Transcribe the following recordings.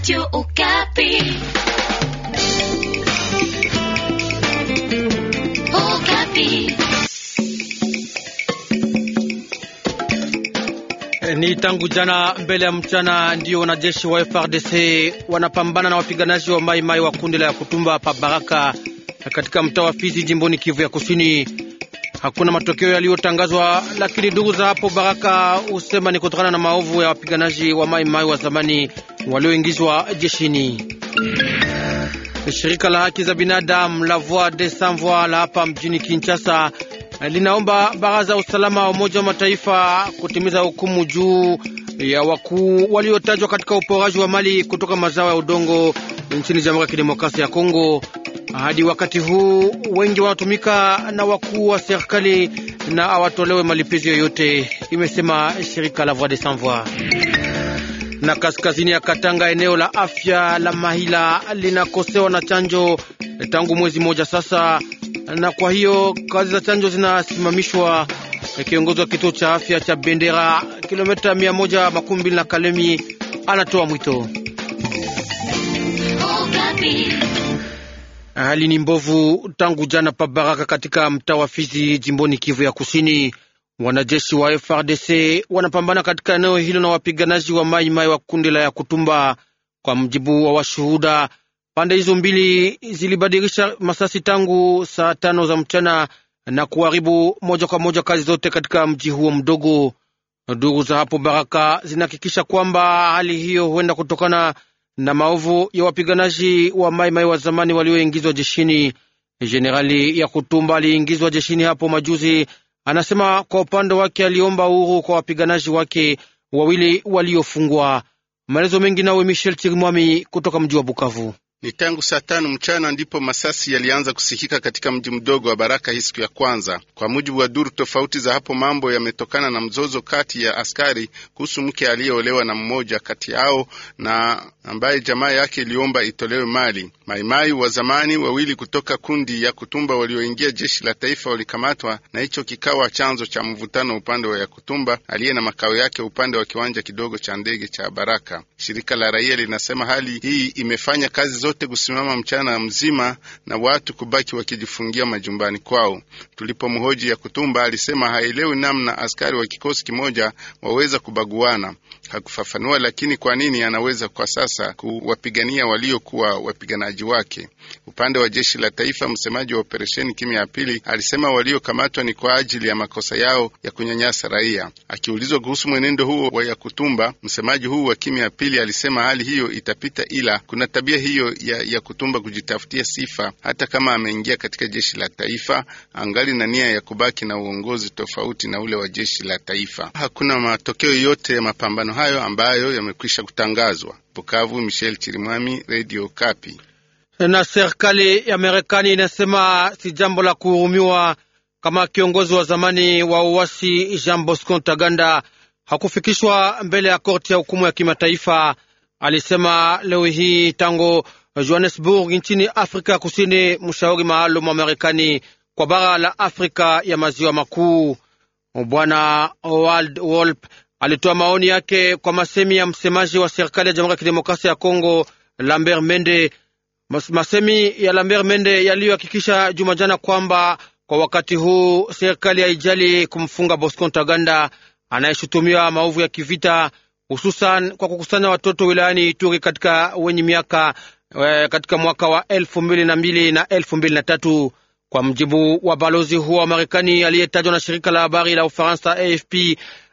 Radio Okapi. Okapi. Eh, ni tangu jana mbele ya mchana ndio wanajeshi wa FRDC wanapambana na wapiganaji wa maimai wa kundi la ya kutumba pa Baraka katika mtaa wa Fizi jimboni Kivu ya Kusini. Hakuna matokeo yaliyotangazwa, lakini ndugu za hapo Baraka husema ni kutokana na maovu ya wapiganaji wa Mai Mai wa zamani walioingizwa jeshini. Shirika la haki za binadamu la Voix des Sans Voix la hapa mjini Kinshasa linaomba baraza ya usalama wa Umoja wa Mataifa kutimiza hukumu juu ya wakuu waliotajwa katika uporaji wa mali kutoka mazao ya udongo nchini Jamhuri ya Kidemokrasia ya Kongo hadi wakati huu wengi wanatumika na wakuu wa serikali na awatolewe malipizi yoyote, imesema shirika la Voix des Sans Voix. Na kaskazini ya Katanga, eneo la afya la Mahila linakosewa na chanjo tangu mwezi mmoja sasa, na kwa hiyo kazi za chanjo zinasimamishwa. Kiongozi wa kituo cha afya cha Bendera, kilomita 12 na Kalemi, anatoa mwito Hali ni mbovu tangu jana pa baraka katika mtaa wa Fizi jimboni Kivu ya Kusini. Wanajeshi wa FRDC wanapambana katika eneo hilo na wapiganaji wa Mai Mai wa kundi la ya Kutumba. Kwa mjibu wa washuhuda, pande hizo mbili zilibadilisha masasi tangu saa tano za mchana na kuharibu moja kwa moja kazi zote katika mji huo mdogo. Duru za hapo Baraka zinahakikisha kwamba hali hiyo huenda kutokana na maovu ya wapiganaji wa maimai wa zamani walioingizwa jeshini. Jenerali ya Kutumba aliingizwa jeshini hapo majuzi. Anasema kwa upande wake aliomba uhuru kwa wapiganaji wake wawili waliofungwa. Maelezo mengi nawe Michel Chirimwami kutoka mji wa Bukavu. Ni tangu saa tano mchana ndipo masasi yalianza kusikika katika mji mdogo wa Baraka hii siku ya kwanza. Kwa mujibu wa duru tofauti za hapo, mambo yametokana na mzozo kati ya askari kuhusu mke aliyeolewa na mmoja kati yao na ambaye jamaa yake iliomba itolewe mali. Maimai wa zamani wawili kutoka kundi ya Kutumba walioingia jeshi la taifa walikamatwa, na hicho kikawa chanzo cha mvutano upande wa Yakutumba aliye na makao yake upande wa kiwanja kidogo cha ndege cha Baraka. Shirika la raia linasema hali hii imefanya kazi zote kusimama mchana mzima na watu kubaki wakijifungia majumbani kwao. Tulipomhoji ya Kutumba, alisema haelewi namna askari wa kikosi kimoja waweza kubaguana hakufafanua, lakini kwa nini anaweza kwa sasa kuwapigania waliokuwa wapiganaji wake. Upande wa jeshi la taifa, msemaji wa operesheni kimya ya pili alisema waliokamatwa ni kwa ajili ya makosa yao ya kunyanyasa raia. Akiulizwa kuhusu mwenendo huo wa Yakutumba, msemaji huu wa kimya ya pili alisema hali hiyo itapita, ila kuna tabia hiyo ya Yakutumba kujitafutia sifa. Hata kama ameingia katika jeshi la taifa, angali na nia ya kubaki na uongozi tofauti na ule wa jeshi la taifa. Hakuna matokeo yote ya mapambano hayo ambayo yamekwisha kutangazwa. Bukavu, Michel Chirimwami, Radio Kapi. Na serikali ya Marekani inasema si jambo la kuhurumiwa kama kiongozi wa zamani wa uwasi Jean Bosco Ntaganda hakufikishwa mbele ya korti ya hukumu ya kimataifa, alisema leo hii tangu Johannesburg nchini Afrika Kusini, mshauri maalum wa Marekani kwa bara la Afrika ya maziwa makuu Bwana Wald Wolp alitoa maoni yake kwa masemi ya msemaji wa serikali ya Jamhuri ya Kidemokrasia ya Kongo Lambert Mende. Mas, Masemi ya Lambert Mende yaliyohakikisha juma jana kwamba kwa wakati huu serikali haijali kumfunga Bosco Ntaganda anayeshutumiwa maovu ya kivita, hususan kwa kukusanya watoto wilayani Ituri katika wenye miaka e, katika mwaka wa elfu mbili na mbili na elfu mbili na tatu kwa mjibu wa balozi huo wa Marekani aliyetajwa na shirika la habari la Ufaransa AFP.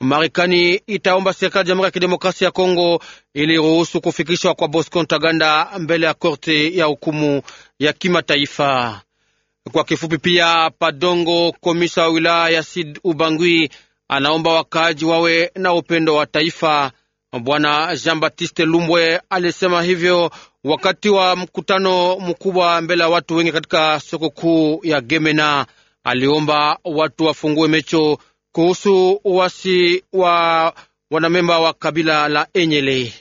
Marekani itaomba serikali ya Jamhuri ya Kidemokrasia ya Kongo ili ruhusu kufikishwa kwa Bosco Ntaganda mbele ya korte ya hukumu ya kimataifa. Kwa kifupi pia, Padongo, komisa wa wilaya ya Sid Ubangui, anaomba wakaaji wawe na upendo wa taifa. Bwana Jean Baptiste Lumbwe alisema hivyo wakati wa mkutano mkubwa mbele ya watu wengi katika soko kuu ya Gemena. Aliomba watu wafungue mecho kuhusu uasi wa wanamemba wa kabila la Enyele.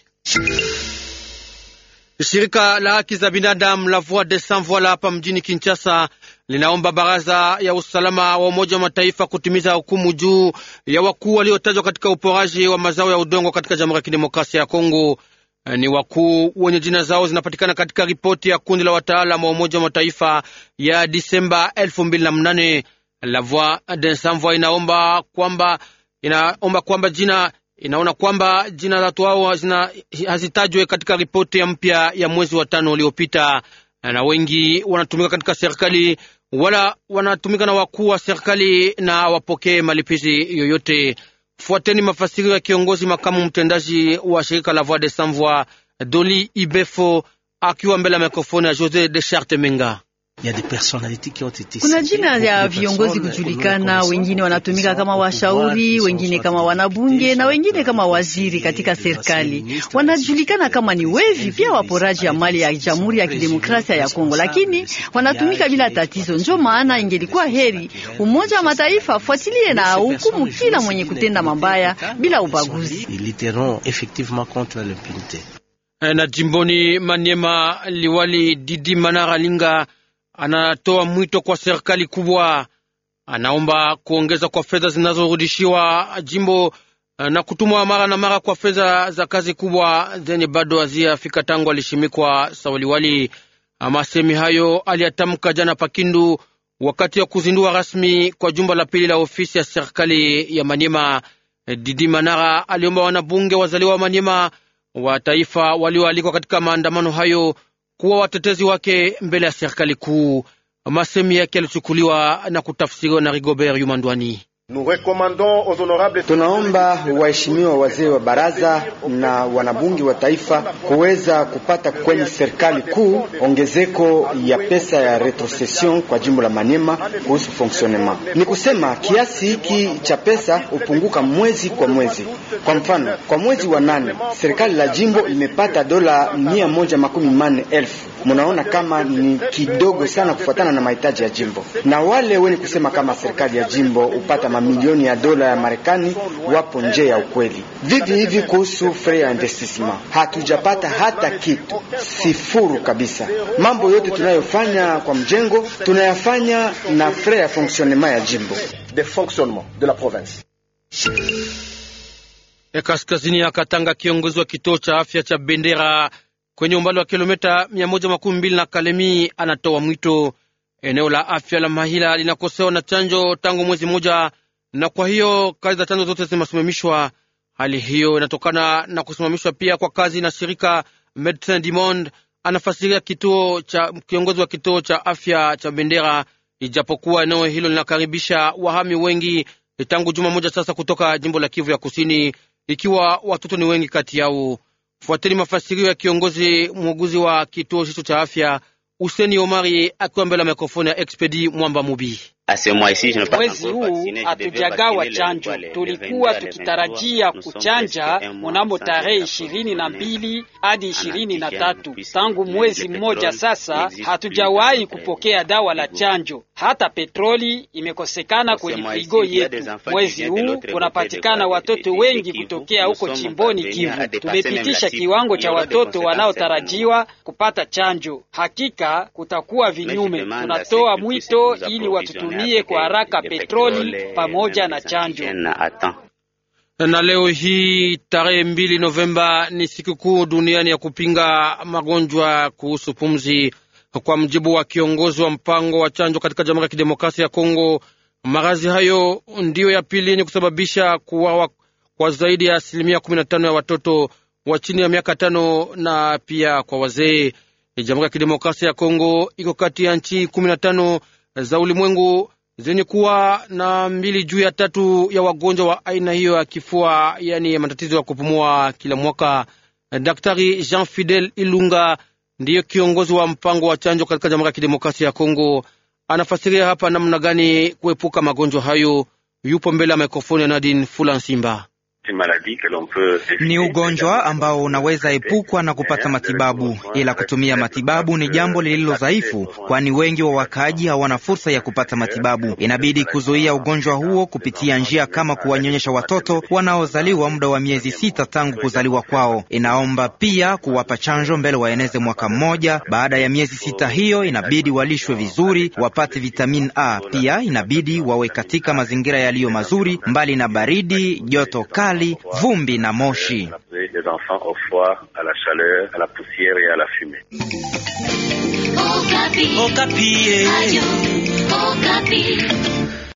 Shirika la haki za binadamu la Voix des Sans Voix hapa mjini Kinshasa linaomba baraza ya usalama wa Umoja wa Mataifa kutimiza hukumu juu ya wakuu waliotajwa katika uporaji wa mazao ya udongo katika Jamhuri ya Kidemokrasia ya Kongo. Ni wakuu wenye jina zao zinapatikana katika ripoti ya kundi la wataalam wa Umoja wa Mataifa ya Disemba 2008. La Voix des Sans Voix inaomba kwamba inaomba kwamba jina inaona kwamba jina la tuao hazitajwe katika ripoti ya mpya ya mwezi wa tano uliopita, na wengi wanatumika katika serikali wala wanatumika na wakuu wa serikali na wapokee malipizi yoyote. Fuateni mafasiri ya kiongozi makamu mtendaji wa shirika la Voix de Sans Voix Doli Ibefo akiwa mbele ya mikrofoni ya Jose de Charte Menga kuna jina ya viongozi euh, kujulikana, wengine wanatumika kama washauri, wengine kama wanabunge na wengine kama waziri katika serikali. Wanajulikana kama ni wevi, pia waporaji ya mali ya Jamhuri ya Kidemokrasia ya Kongo, lakini wanatumika bila tatizo. Njo maana ingelikuwa heri Umoja wa Mataifa afuatilie na hukumu kila mwenye kutenda mabaya bila ubaguzi eh, na jimboni Manyema, liwali Didi Manara Linga anatoa mwito kwa serikali kubwa, anaomba kuongeza kwa fedha zinazorudishiwa jimbo eh, na kutumwa mara na mara kwa fedha za kazi kubwa zenye bado haziyafika tangu alishimikwa sawaliwali. masemi hayo aliyatamka jana Pakindu wakati wa kuzindua rasmi kwa jumba la pili la ofisi ya serikali ya Manyema. Didi Manara aliomba wanabunge wazaliwa wa Manyema wa taifa walioalikwa katika maandamano hayo kuwa watetezi wake mbele ya serikali kuu. Masemi yake yalichukuliwa na kutafsiriwa na Rigobert Yumandwani. Tunaomba waheshimiwa wazee wa baraza na wanabunge wa taifa kuweza kupata kwenye serikali kuu ongezeko ya pesa ya retrocession kwa jimbo la manema kuhusu fonctionnement. Ni kusema kiasi hiki cha pesa hupunguka mwezi kwa mwezi. Kwa mfano, kwa mwezi wa nane serikali la jimbo imepata dola mia moja makumi mane elfu. Munaona kama ni kidogo sana kufuatana na mahitaji ya jimbo, na wale wenye kusema kama serikali ya jimbo hupata mamilioni ya dola ya Marekani wapo nje ya ukweli. Vivi hivi kuhusu frais ya investissement, hatujapata hata kitu, sifuru kabisa. Mambo yote tunayofanya kwa mjengo tunayafanya na frais ya fonctionnement ya jimbo de fonctionnement de la province. E, kaskazini ya Katanga, kiongozi wa kituo cha afya cha Bendera kwenye umbali wa kilomita mia moja makumi mbili na Kalemi anatoa mwito. Eneo la afya la Mahila linakosewa na chanjo tangu mwezi mmoja, na kwa hiyo kazi za chanzo zote zimesimamishwa. Hali hiyo inatokana na kusimamishwa pia kwa kazi na shirika Medecin du Monde, anafasiria kituo cha kiongozi wa kituo cha afya cha Bendera, ijapokuwa eneo hilo linakaribisha wahami wengi tangu juma moja sasa kutoka jimbo la Kivu ya Kusini, ikiwa watoto ni wengi kati yao. Fuateni mafasirio ya kiongozi muuguzi wa kituo hicho cha afya Useni Omari akiwa mbele ya mikrofoni ya Expedi Mwamba Mubi. Mwezi huu hatujagawa chanjo, tulikuwa tukitarajia kuchanja mnamo tarehe ishirini na mbili hadi ishirini na tatu. Tangu mwezi mmoja sasa hatujawahi kupokea dawa la chanjo, hata petroli imekosekana kwenye frigo yetu. Mwezi huu kunapatikana watoto wengi kutokea huko chimboni Kivu. Tumepitisha kiwango cha watoto wanaotarajiwa kupata chanjo. Hakika kutakuwa vinyume. Tunatoa mwito ili watutumie watumie kwa haraka petroli pamoja na chanjo. Na leo hii tarehe mbili Novemba ni sikukuu duniani ya kupinga magonjwa kuhusu pumzi. Kwa mjibu wa kiongozi wa mpango wa chanjo katika Jamhuri ya Kidemokrasia ya Kongo, maradhi hayo ndiyo ya pili yenye kusababisha kuwawa kwa zaidi ya asilimia kumi na tano ya watoto wa chini ya miaka tano na pia kwa wazee. Jamhuri ya Kidemokrasia ya Kongo iko kati ya nchi kumi na tano za ulimwengu zenye kuwa na mbili juu ya tatu ya wagonjwa wa aina hiyo ya kifua, yani ya matatizo ya kupumua kila mwaka. Daktari Jean Fidel Ilunga ndiyo kiongozi wa mpango wa chanjo katika Jamhuri ya Kidemokrasia ya Kongo. Anafasiria hapa namna gani kuepuka magonjwa hayo. Yupo mbele ya mikrofoni ya Nadine Fulansimba. Ni ugonjwa ambao unaweza epukwa na kupata matibabu, ila kutumia matibabu ni jambo lililo dhaifu, kwani wengi wa wakaaji hawana fursa ya kupata matibabu. Inabidi kuzuia ugonjwa huo kupitia njia kama kuwanyonyesha watoto wanaozaliwa muda wa miezi sita tangu kuzaliwa kwao. Inaomba pia kuwapa chanjo mbele waeneze mwaka mmoja. Baada ya miezi sita hiyo, inabidi walishwe vizuri, wapate vitamin A. Pia inabidi wawe katika mazingira yaliyo mazuri, mbali na baridi, joto kali les enfants au froid, à la chaleur, à la poussière et à la fumée.